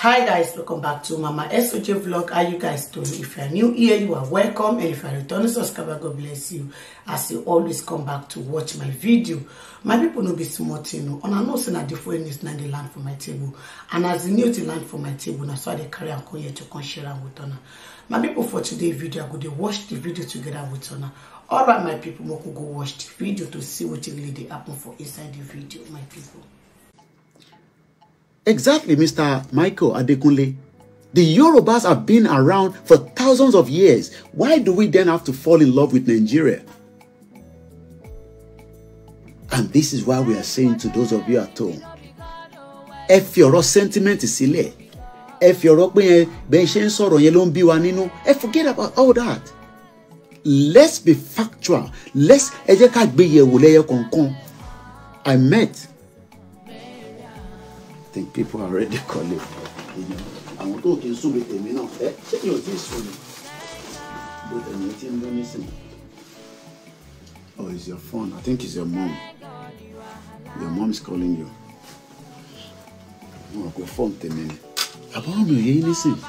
hi guys welcome back to mama soj vlog how you guys doing if you are new here you are welcome and if you are returning subscriber god bless you as you always come back to watch my video my people no be small thing o and i know say na different news na dey land for my table and as the new dey land for my table na so i dey carry and come here to come share and with una my people for today's video i go to watch the video together with una all right my people make we go watch the video to see what really they happen for inside the video my people. Exactly, Mr. Michael Adekunle. The Yorubas have been around for thousands of years. Why do we then have to fall in love with Nigeria? And this is why we are saying to those of you at home, If fi sentiment is Ẹ fi ọ̀rọ̀ pé yẹn bẹ́ẹ̀ ṣe ń sọ̀rọ̀ yẹn ló ń bí wa forget about all that. Let's be factual. Let's ẹ jẹ́ ká gbé yẹ̀wò lẹ́yọ I met think people are already calling èèyàn àwọn tó kì í sùn bí tèmi náà ẹ ṣé mi ò tí ì sùn ni bó tẹ̀mí ẹ ti ń dún nísìnyí. Oh, it's your phone. I think it's your mom. Your mom is calling you. Mo rò pé phone tèmi ni. Àbúrò mi ò yẹ yín nísìnyí.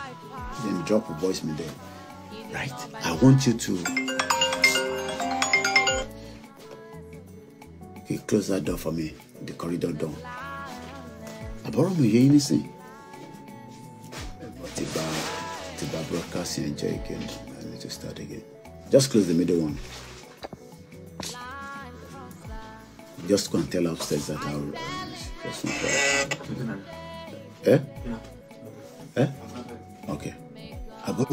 Then drop a voice me there. Right? I want you to. Okay, close that door for me. The corridor door. lọ́rọ̀lóye yín nísìn tí bá tí bá broadcast yẹn jẹ́ again I need to start again just close the middle one just go and tell upstairs that I will just not try. Eh? Eh? Okay. About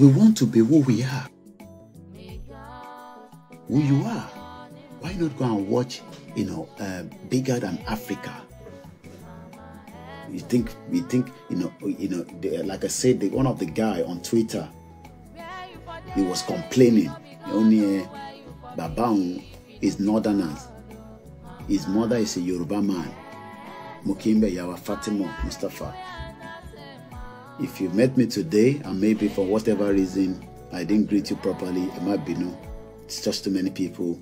we want to be who we are. Who you are. Why not go and watch you know, uh, bigger than Africa. You think, you think, you know, you know. like I said, the, one of the guy on Twitter, he was complaining. Only uh, Babang, is northerners. His mother is a Yoruba man. Mukimbe Yawa Fatima Mustafa. If you met me today, and maybe for whatever reason I didn't greet you properly, it might be no. It's just too many people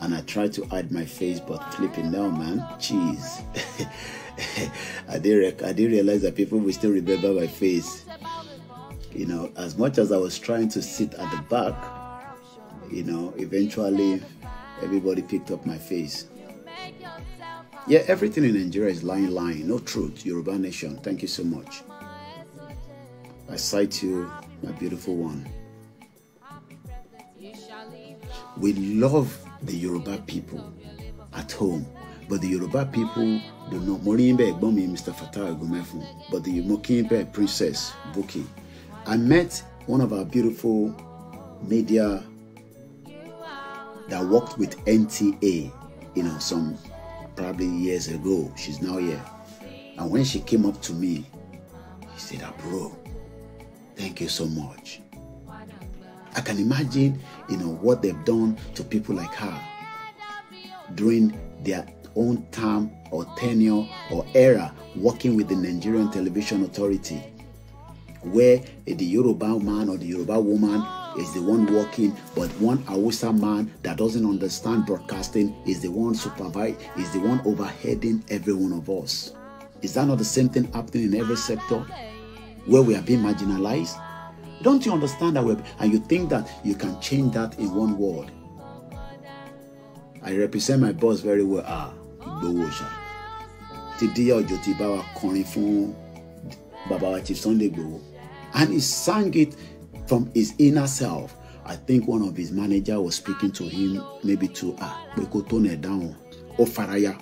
and I tried to hide my face, but flipping now, man, jeez. I didn't did realize that people will still remember my face. You know, as much as I was trying to sit at the back, you know, eventually everybody picked up my face. Yeah, everything in Nigeria is lying, lying. No truth. Yoruba Nation, thank you so much. I cite you, my beautiful one. We love the Yoruba people at home. But the Yoruba people do not. Morimbe Egbomi, Mr. Fatah Agumefun, but the Mokimbe Princess Buki. I met one of our beautiful media that worked with NTA, you know, some probably years ago. She's now here. And when she came up to me, she said, Bro, thank you so much. I can imagine, you know, what they've done to people like her during their own term or tenure or era working with the Nigerian Television Authority, where the Yoruba man or the Yoruba woman is the one working, but one Awusa man that doesn't understand broadcasting is the one supervise, is the one overheading every one of us. Is that not the same thing happening in every sector where we are being marginalized? Don't you understand that web? And you think that you can change that in one word. I represent my boss very well. Ah, Igbowosha. Today, Diya Ojo ti bá wa kọrin Chief Sunday Igboho. And he sang it from his inner self. I think one of his manager was speaking to him, maybe to ah, pé tone down. Ó faraya.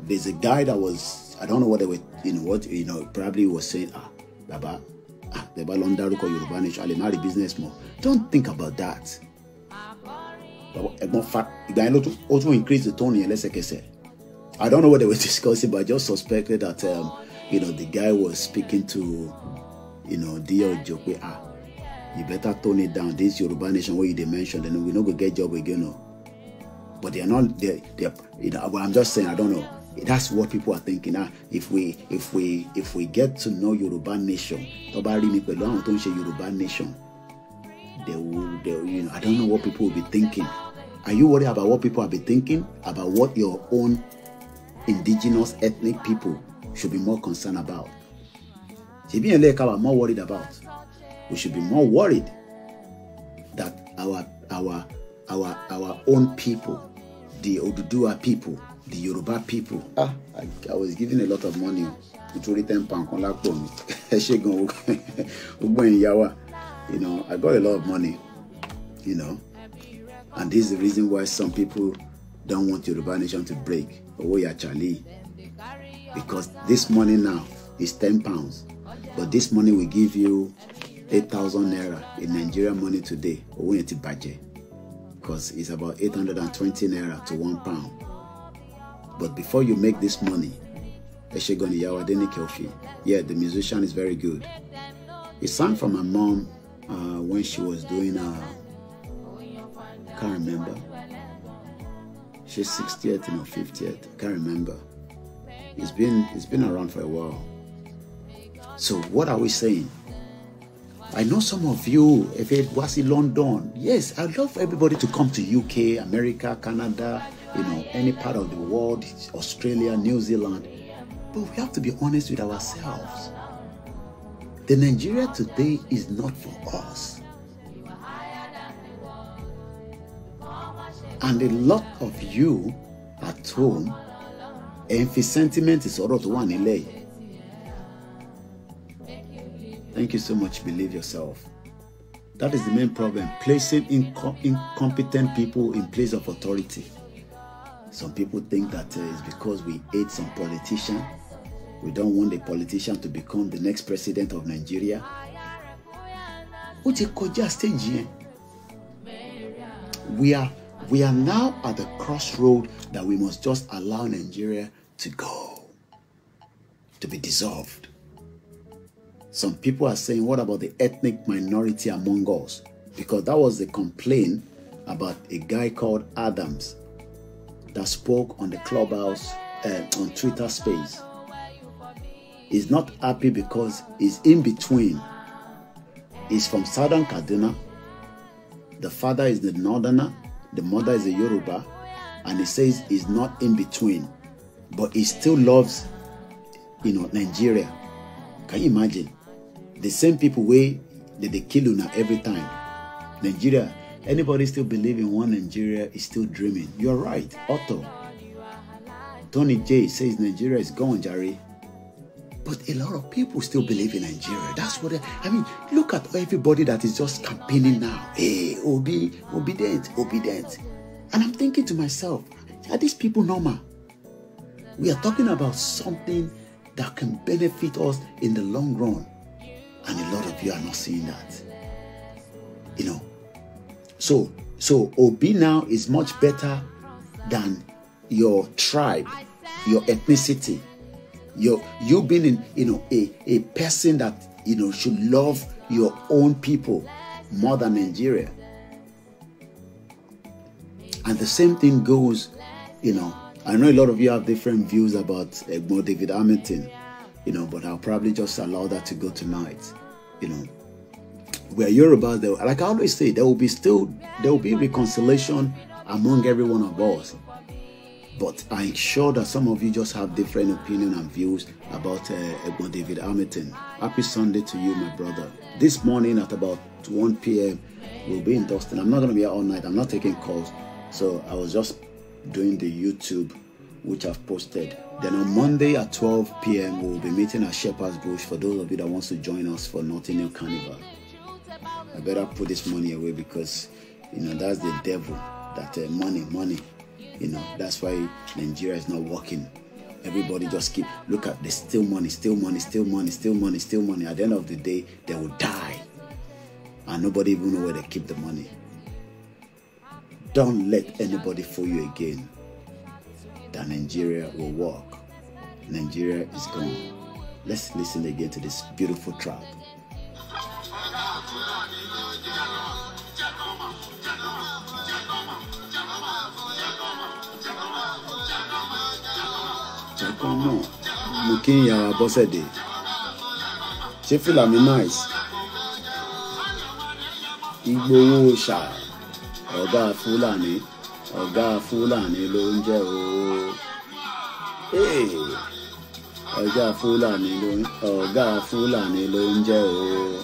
There's a guy that was, I don't know what they were, you know, what, you know, probably was saying, ah, Baba, àtẹ̀bá ah, lọ ń dárúkọ yorùbá nation a lè má rí business mọ́ don't think about that ẹ̀gbọ́n fa ìgbà yẹn ló tún increase the tone yẹn lẹ́sẹ̀kẹsẹ̀ I don't know what they were discussing but I just suspected that um, you know, the guy was speaking to you know, díẹ̀ òjò pé ah you better tone it down this Yoruba nation wey you dey mention then we no go get job again o but they are not they they are, you know, I'm just saying I don't know that's what people are thinking now ah, if we if we if we get to know Yoruba nation tó bá rí mi pẹ̀lú àwọn tó ṣe Yoruba nation they will they will, you know I don't know what people will be thinking are you worried about what people will be thinking about what your own indigenous ethnic people should be more concerned about ṣebí yẹn lẹ́ẹ̀ka we are more worried about we should be more worried that our our our our own people the Oduduwa people the Yoruba people ah I, I was given a lot of money o nítorí ten pound kan lápò mi ẹ ṣe gan ogbó ẹ̀yìn yá wa you know I got a lot of money you know and this is the reason why some people don't want Yoruba nation to break owó ya chale because this money now is ten pounds but this money will give you eight thousand naira in Nigerian money today owó yẹn ti bàjẹ́ because it's about eight hundred and twenty naira to one pound But before you make this money, Eshegon Yawadeni Kelfi, yeah, the musician is very good. He sang for my mom uh, when she was doing, a. Uh, can't remember. She's 60th or 50th, can't remember. It's been, it's been around for a while. So what are we saying? I know some of you, if it was in London, yes, I'd love everybody to come to UK, America, Canada, you know, any part of the world, Australia, New Zealand. But we have to be honest with ourselves. The Nigeria today is not for us. And a lot of you at home, envy sentiment is sort of one in Thank you so much. Believe yourself. That is the main problem placing incompetent people in place of authority. Some people think that uh, it's because we hate some politician. We don't want the politician to become the next president of Nigeria. stage We are we are now at the crossroad that we must just allow Nigeria to go, to be dissolved. Some people are saying, what about the ethnic minority among us? Because that was the complaint about a guy called Adams that spoke on the clubhouse uh, on Twitter space is not happy because he's in between. He's from southern Kaduna. The father is the northerner, the mother is a Yoruba, and he says he's not in between, but he still loves, you know, Nigeria. Can you imagine? The same people way that they kill Una every time. Nigeria Anybody still believing one Nigeria is still dreaming? You're right, Otto. Tony J says Nigeria is gone, Jerry. But a lot of people still believe in Nigeria. That's what I, I mean. Look at everybody that is just campaigning now. Hey, Obi, obedient, obedient. And I'm thinking to myself, are these people normal? We are talking about something that can benefit us in the long run. And a lot of you are not seeing that. You know, so, so Obi now is much better than your tribe, your ethnicity, your you being in, you know a, a person that you know should love your own people more than Nigeria. And the same thing goes, you know. I know a lot of you have different views about Egmo David Hamilton, you know, but I'll probably just allow that to go tonight, you know. Where you about there, like I always say, there will be still there will be reconciliation among every one of us. But I'm sure that some of you just have different opinion and views about uh, Edmund David Hamilton. Happy Sunday to you, my brother. This morning at about 1 p.m., we'll be in Dustin. I'm not going to be out all night. I'm not taking calls. So I was just doing the YouTube, which I've posted. Then on Monday at 12 p.m., we'll be meeting at Shepherd's Bush for those of you that wants to join us for Notting Hill Carnival. I better put this money away because, you know, that's the devil. That uh, money, money. You know, that's why Nigeria is not working. Everybody just keep look at the still money, still money, still money, still money, still money. At the end of the day, they will die, and nobody even know where they keep the money. Don't let anybody fool you again. That Nigeria will work. Nigeria is gone. Let's listen again to this beautiful track. kan náà mo kí ìyàwó Bọ́sẹ̀dé ṣé fìlà mi nice Ìgbòho ṣà ọ̀gá Fúlàní ọ̀gá Fúlàní ló ń jẹ́ ooo ọ̀gá Fúlàní ló ń ọ̀gá Fúlàní ló ń jẹ́ ooo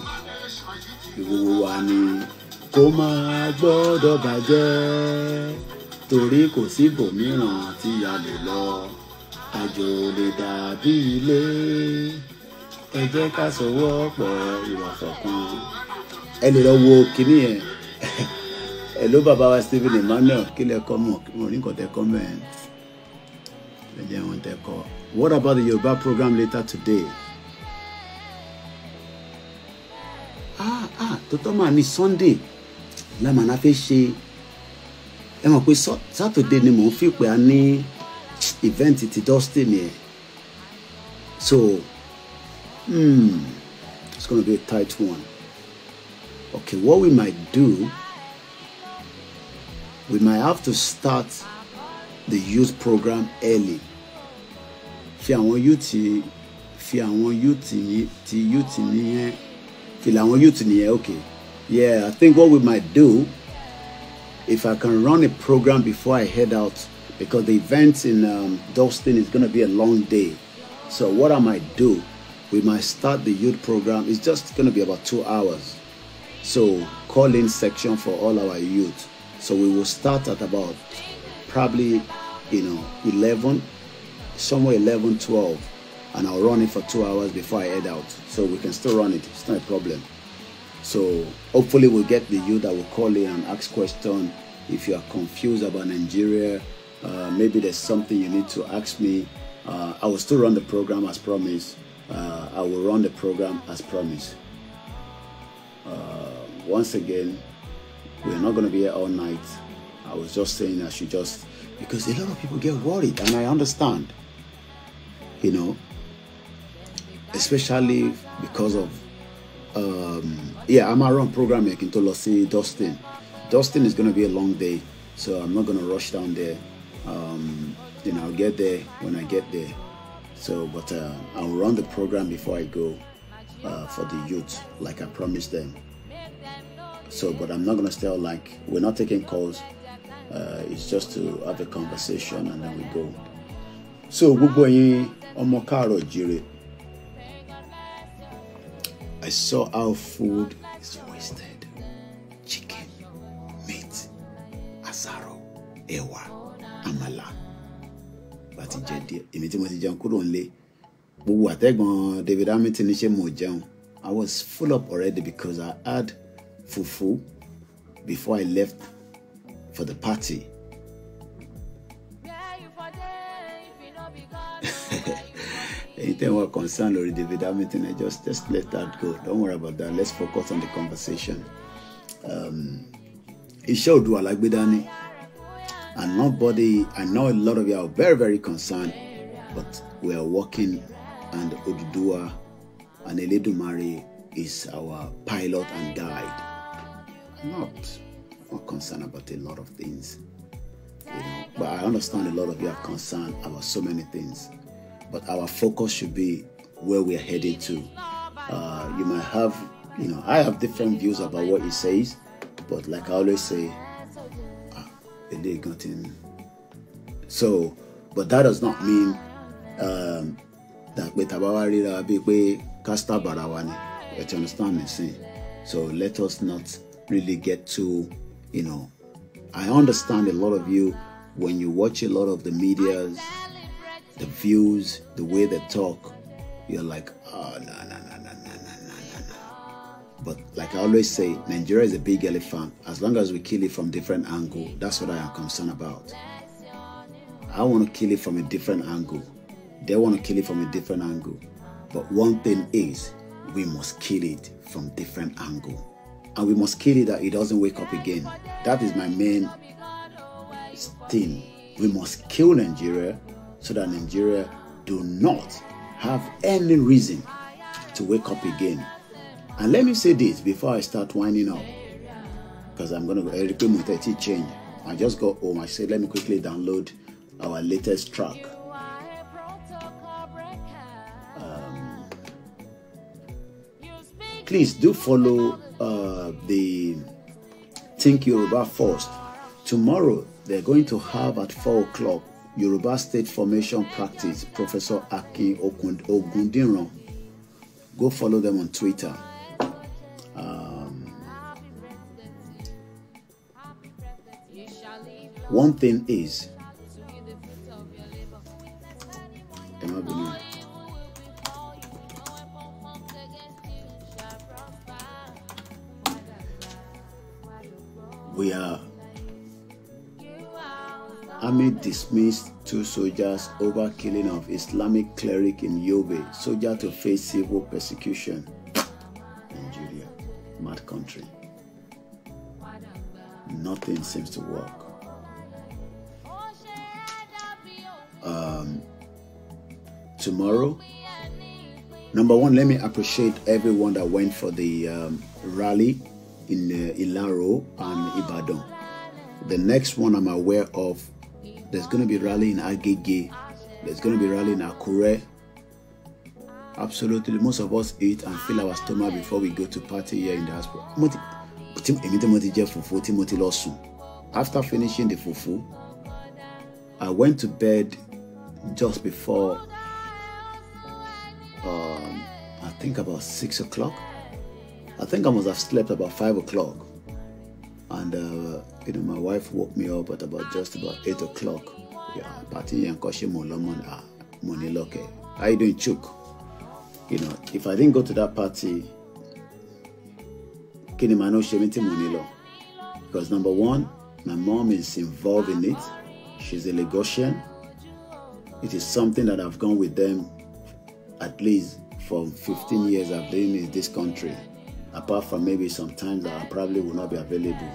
ìwòwò wa ni kó máa gbọ́dọ̀ bàjẹ́ torí kò síbòmíràn tí a lè lọ àjò lè dàbí ilé ẹ jẹ́ ká sọwọ́ pọ̀ ìwàfọ̀ kan. ẹ lè lọ wo kinní yẹn ẹ ló bàbá wa Stephen Emmanuel kí lè kọ́ mọ̀ mo ní kàn tẹ́ kọ́ mọ̀ ẹ́ ẹ jẹ́ wọn tẹ́ kọ́. What about the Yoruba program later today? ah ah tó tọ́ máa ní Sunday lamana fẹ́ ṣe ẹ mọ̀ pé Saturday ni mò ń fi pé a ní event ti Dustin yẹn so hmm, it's gonna be a tight one okay what we might do we might have to start the youth program early fi àwọn youth fi àwọn youth ti youth nìyẹn fi làwọn youth nìyẹn okay yeah I think what we might do if I can run a program before I head out because the event in um, Dalston is going to be a long day. So what I might do, we might start the youth program. It's just going to be about two hours. So call in section for all our youth. So we will start at about probably, you know, 11, somewhere 11, 12. And I'll run it for two hours before I head out. So we can still run it. It's not a problem. So hopefully we'll get the youth that will call in and ask questions if you are confused about Nigeria uh, maybe there's something you need to ask me. Uh, I will still run the program as promised. Uh, I will run the program as promised. Uh, once again, we're not going to be here all night. I was just saying I should just, because a lot of people get worried, and I understand, you know, especially because of, um, yeah, I'm around Programming making to Dustin. Dustin is going to be a long day, so I'm not going to rush down there. Um, then I'll get there when I get there. So, but uh, I'll run the program before I go uh, for the youth, like I promised them. So, but I'm not gonna stay. Like we're not taking calls. Uh, it's just to have a conversation and then we go. So, gbogbo yin ọmọ I saw how food is wasted. Chicken, meat, asaro, ewa. àmàlà bá ti jẹ díẹ̀ èmi tí mo ti jẹun kúrò nílé gbogbo àtẹ̀gbọ́n David Hamilton ṣe mo jẹun I was full up already because I had fufu before I left for the party. èyí tẹ́ concerned, concern lórí David Hamilton I just just let that go don't worry about that let's focus on the conversation. Um, iṣẹ́ Oòduà like gbé dání. and nobody i know a lot of you are very very concerned but we are working and odudua and eledumare is our pilot and guide i'm not not concerned about a lot of things you know but i understand a lot of you are concerned about so many things but our focus should be where we are headed to uh, you might have you know i have different views about what he says but like i always say and they got in. So, but that does not mean um, that we tabawari wá ríra bíi pé kásítà bàrà you understand me see? so let us not really get too you know I understand a lot of you when you watch a lot of the medias the views the way they talk you're like oh no no but like I always say, Nigeria is a big elephant. As long as we kill it from different angle, that's what I am concerned about. I want to kill it from a different angle. They want to kill it from a different angle. But one thing is, we must kill it from different angle. And we must kill it that it doesn't wake up again. That is my main thing. We must kill Nigeria so that Nigeria do not have any reason to wake up again and let me say this before I start winding up, because I'm going to go replay eh, Mutetti change. I just got home. I said, let me quickly download our latest track. Um, please do follow uh, the Think Yoruba First. Tomorrow, they're going to have at 4 o'clock Yoruba State Formation Practice, Professor Aki Ogundiran. Go follow them on Twitter One thing is, we are army dismissed two soldiers over killing of Islamic cleric in Yobe, soldier to face civil persecution. Nigeria, mad country. Nothing seems to work. tomorrow. Number one, let me appreciate everyone that went for the um, rally in uh, Ilaro and Ibadan. The next one I'm aware of, there's going to be rally in Agege. There's going to be rally in Akure. Absolutely, most of us eat and fill our stomach before we go to party here in the hospital. After finishing the fufu, I went to bed just before um, I think about six o'clock. I think I must have slept about five o'clock, and uh, you know my wife woke me up at about just about eight o'clock. Yeah, party and koshi ah, money loke. How you doing, Chuk? You know, if I didn't go to that party, kini mano shemiti money because number one, my mom is involved in it. She's a Lagosian. It is something that I've gone with them at least for 15 years I've been in this country. Apart from maybe sometimes I probably will not be available.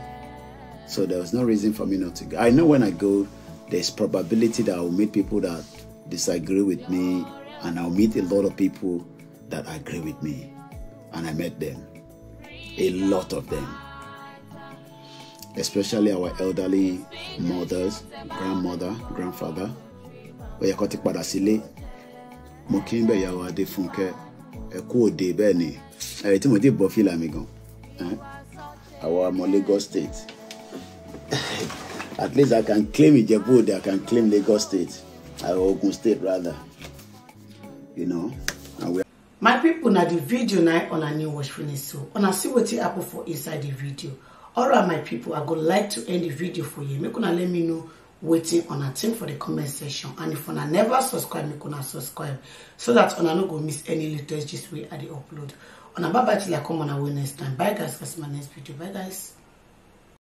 So there was no reason for me not to go. I know when I go, there's probability that I'll meet people that disagree with me and I'll meet a lot of people that agree with me. And I met them. A lot of them. Especially our elderly mothers, grandmother, grandfather. Oyakotipadasile, mo kí ń bẹ̀ yàwó adéfúnkẹ́ ẹ kú òde bẹ́ẹ̀ ni ẹ tí mo ti bọ́ fìlà mi gan àwa ọmọ Lagos state at least I can claim Ìjẹ̀bú Òde I can claim Lagos state or Ogun state rather you know. my people, na the video na on a new watch finish so on a see wetin happen for inside the video All right, my people. i go like to end the video for you make una let me know waiting on a team for the comment section and if una never subscribe make una subscribe so that una no go miss any latest gist way i the upload una bye bye till i come on our next time bye guys that's my next video bye guys